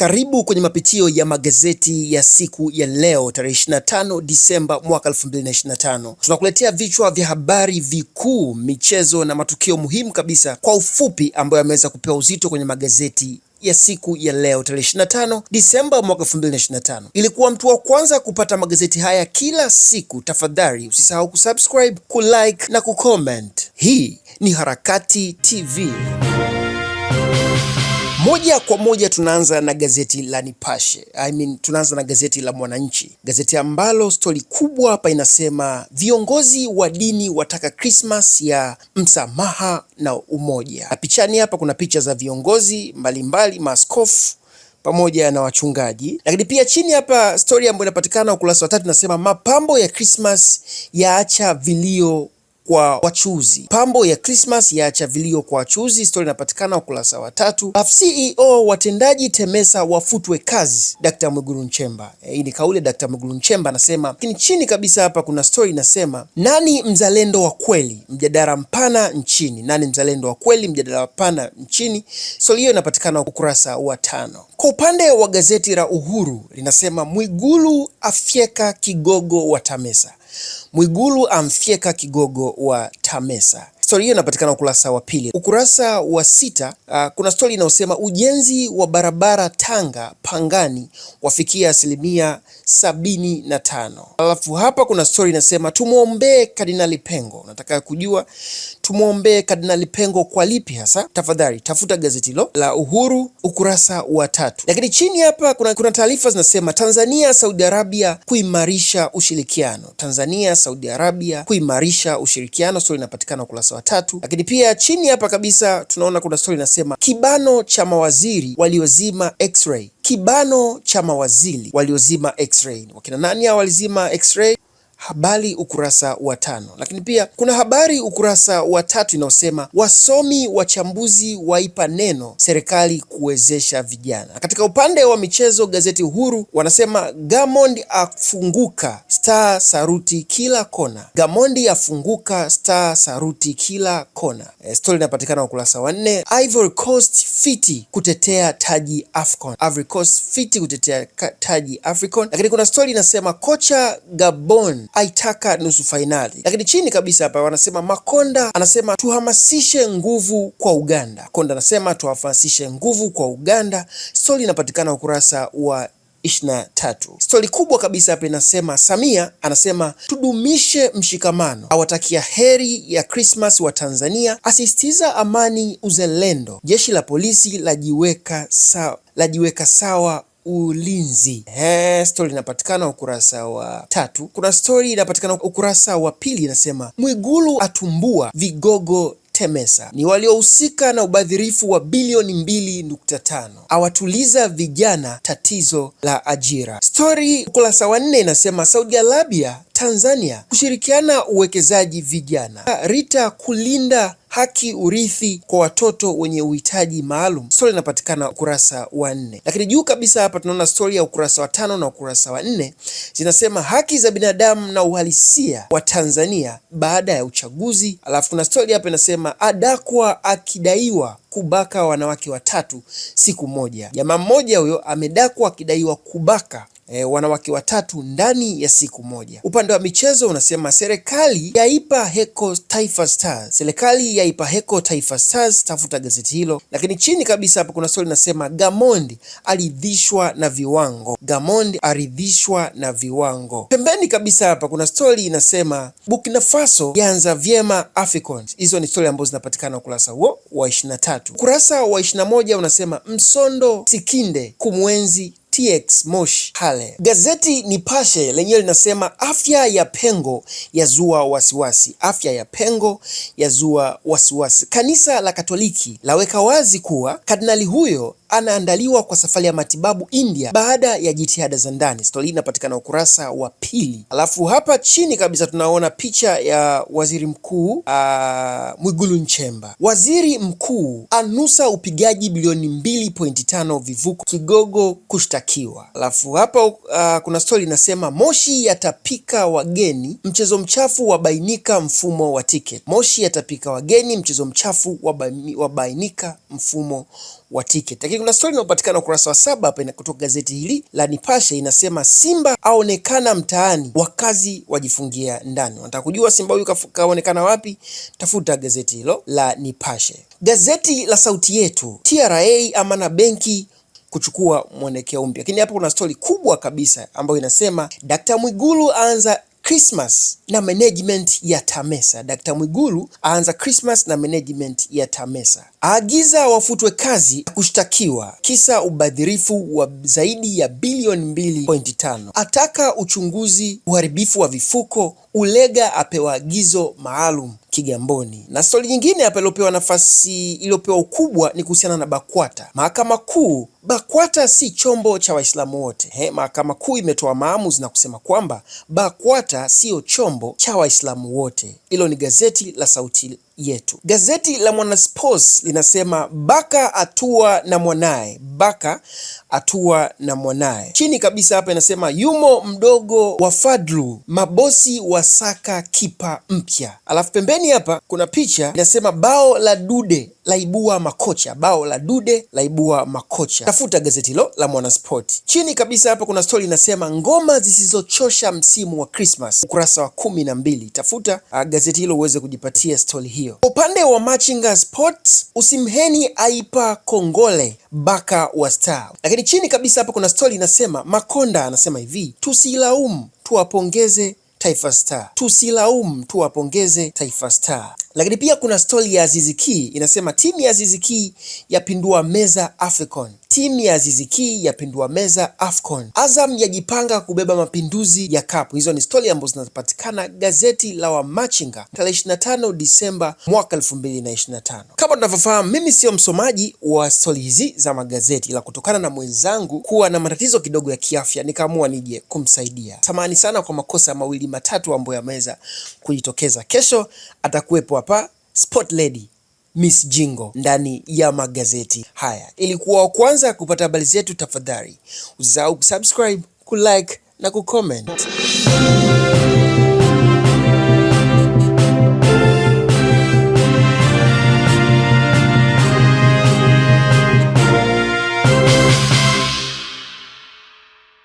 Karibu kwenye mapitio ya magazeti ya siku ya leo tarehe 25 Disemba mwaka 2025. Tunakuletea vichwa vya habari vikuu, michezo na matukio muhimu kabisa kwa ufupi ambayo yameweza kupewa uzito kwenye magazeti ya siku ya leo tarehe 25 Disemba mwaka 2025. Ilikuwa mtu wa kwanza kupata magazeti haya kila siku, tafadhali usisahau kusubscribe, kulike na kucomment. Hii ni Harakati TV. Moja kwa moja tunaanza na gazeti la Nipashe. I mean, tunaanza na gazeti la Mwananchi, gazeti ambalo stori kubwa hapa inasema viongozi wa dini wataka Krismas ya msamaha na umoja. Pichani hapa kuna picha za viongozi mbalimbali, maaskofu pamoja na wachungaji, lakini pia chini hapa stori ambayo inapatikana ukurasa wa tatu inasema mapambo ya Krismas yaacha vilio kwa wachuzi, pambo ya Krismas yaacha vilio kwa wachuzi. Stori inapatikana ukurasa wa tatu. CEO watendaji TEMESA wafutwe kazi, Dr. Mwigulu Nchemba. Eh, hii e, ni kauli ya Dr. Mwigulu Nchemba anasema. Lakini chini kabisa hapa kuna stori inasema, nani mzalendo wa kweli, mjadala mpana nchini. Nani mzalendo wa kweli, mjadala mpana nchini. Stori hiyo inapatikana ukurasa wa tano. Kwa upande wa gazeti la Uhuru linasema Mwigulu afyeka kigogo wa TEMESA. Mwigulu amfyeka kigogo wa TAMESA. Stori hiyo inapatikana ukurasa wa pili. Ukurasa wa sita, uh, kuna stori inayosema ujenzi wa barabara Tanga Pangani wafikia asilimia sabini na tano. Alafu hapa kuna stori inasema tumwombee Kardinali Pengo. Nataka kujua tumwombee Kardinali Pengo kwa lipi hasa? Tafadhali tafuta gazeti hilo la Uhuru ukurasa wa tatu. Lakini chini hapa kuna, kuna taarifa zinasema Tanzania Saudi Arabia kuimarisha ushirikiano. Tanzania Saudi Arabia kuimarisha ushirikiano, stori inapatikana ukurasa tatu. Lakini pia chini hapa kabisa tunaona kuna stori inasema kibano cha mawaziri waliozima x-ray. Kibano cha mawaziri waliozima x-ray. Wakina nani hao walizima x-ray? habari ukurasa wa tano. Lakini pia kuna habari ukurasa wa tatu inayosema wasomi wachambuzi waipa neno serikali kuwezesha vijana. Katika upande wa michezo, gazeti Uhuru wanasema Gamond afunguka star saruti kila kona. Gamondi afunguka star saruti kila kona. E, eh, stori inapatikana ukurasa wa nne. Ivory Coast fiti kutetea taji Afcon. Ivory Coast fiti kutetea taji Afcon. Lakini kuna stori inasema kocha Gabon aitaka nusu fainali. Lakini chini kabisa hapa wanasema Makonda anasema tuhamasishe nguvu kwa Uganda. Konda anasema tuhamasishe nguvu kwa Uganda. Stori inapatikana ukurasa wa 23. Stori kubwa kabisa hapa inasema Samia anasema tudumishe mshikamano, awatakia heri ya Christmas wa Tanzania, asisitiza amani, uzalendo, jeshi la polisi lajiweka sawa lajiweka sawa ulinzi. He, eh, stori inapatikana ukurasa wa tatu. Kuna stori inapatikana ukurasa wa pili, inasema Mwigulu atumbua vigogo Temesa ni waliohusika na ubadhirifu wa bilioni mbili nukta tano awatuliza vijana tatizo la ajira. Stori ukurasa wa nne inasema Saudi Arabia Tanzania kushirikiana uwekezaji vijana. Rita kulinda haki urithi kwa watoto wenye uhitaji maalum. Stori inapatikana ukurasa wa nne, lakini juu kabisa hapa tunaona stori ya ukurasa wa tano na ukurasa wa nne zinasema haki za binadamu na uhalisia wa Tanzania baada ya uchaguzi. Alafu kuna stori hapa inasema adakwa akidaiwa kubaka wanawake watatu siku moja. Jamaa mmoja huyo amedakwa akidaiwa kubaka e, wanawake watatu ndani ya siku moja. Upande wa michezo unasema serikali yaipa heko Taifa Stars, serikali yaipa heko Taifa Stars. Tafuta gazeti hilo. Lakini chini kabisa hapa kuna swali linasema Gamondi aridhishwa na viwango, Gamondi aridhishwa na viwango. Pembeni kabisa hapa kuna stori inasema Burkina Faso yaanza vyema Afcon. Hizo ni stori ambazo zinapatikana ukurasa huo wa 23. Ukurasa wa 21 unasema Msondo Sikinde kumwenzi TX Moshi Hale. Gazeti Nipashe lenyewe linasema afya ya pengo yazua wasiwasi, afya ya pengo yazua wasiwasi. Kanisa la Katoliki laweka wazi kuwa kardinali huyo anaandaliwa kwa safari ya matibabu India baada ya jitihada za ndani. Stori hii inapatikana ukurasa wa pili. Alafu hapa chini kabisa tunaona picha ya waziri mkuu uh, Mwigulu Nchemba. Waziri mkuu anusa upigaji bilioni 2.5 vivuko kigogo kushtakiwa. Alafu hapa uh, kuna stori inasema moshi yatapika wageni, mchezo mchafu wabainika mfumo wa tiketi. Moshi yatapika wageni, mchezo mchafu wabainika mfumo wa tiketi. Lakini kuna stori inayopatikana ukurasa wa saba hapa kutoka gazeti hili la Nipashe inasema, Simba aonekana mtaani, wakazi wajifungia ndani. Wanataka kujua Simba huyu kaonekana wapi? Tafuta gazeti hilo la Nipashe. Gazeti la Sauti Yetu, TRA Amana Benki kuchukua mwelekeo mpya. Lakini hapa kuna stori kubwa kabisa ambayo inasema Dkt. Mwigulu aanza Christmas na management ya TAMESA. Dkt. Mwigulu aanza Christmas na management ya TAMESA, aagiza wafutwe kazi kushtakiwa kisa ubadhirifu wa zaidi ya bilioni 2.5, ataka uchunguzi uharibifu wa vifuko, Ulega apewa agizo maalum Kigamboni. Na stori nyingine hapa iliyopewa nafasi iliyopewa ukubwa ni kuhusiana na BAKWATA. Mahakama Kuu BAKWATA si chombo cha Waislamu wote. Mahakama Kuu imetoa maamuzi na kusema kwamba BAKWATA siyo chombo cha Waislamu wote. Hilo ni gazeti la Sauti yetu. Gazeti la Mwanasports linasema Baka atua na mwanaye, Baka atua na mwanaye. Chini kabisa hapa inasema yumo mdogo wa Fadlu, mabosi wa saka kipa mpya. Alafu pembeni hapa kuna picha inasema bao la Dude laibua makocha, bao la Dude laibua makocha. Tafuta gazeti hilo la Mwanasport. Chini kabisa hapa kuna stori inasema ngoma zisizochosha msimu wa Christmas, ukurasa wa kumi na mbili. Tafuta ah, gazeti hilo uweze kujipatia stori hiyo hiyo. Upande wa Machinga Sports, Usimheni aipa kongole baka wa Star, lakini chini kabisa hapa kuna stori inasema, Makonda anasema hivi, tusilaumu tuwapongeze Taifa Star, tusilaumu tuwapongeze Taifa Star. Lakini pia kuna stori ya Aziziki inasema, timu ya Aziziki yapindua meza Africon. Timu ya Azizi Ki yapindua meza AFCON. Azam yajipanga kubeba mapinduzi ya kapu. Hizo ni stori ambazo zinapatikana gazeti la Wamachinga tarehe 25 Disemba mwaka 2025. Kama tunavyofahamu, mimi sio msomaji wa stori hizi za magazeti, ila kutokana na mwenzangu kuwa na matatizo kidogo ya kiafya nikaamua nije kumsaidia. Samahani sana kwa makosa mawili matatu ambayo yameweza kujitokeza. Kesho atakuwepo hapa Sport Lady Miss Jingo ndani ya magazeti haya. Ilikuwa wa kwanza kupata habari zetu, tafadhali usisahau kusubscribe, kulike na kucomment.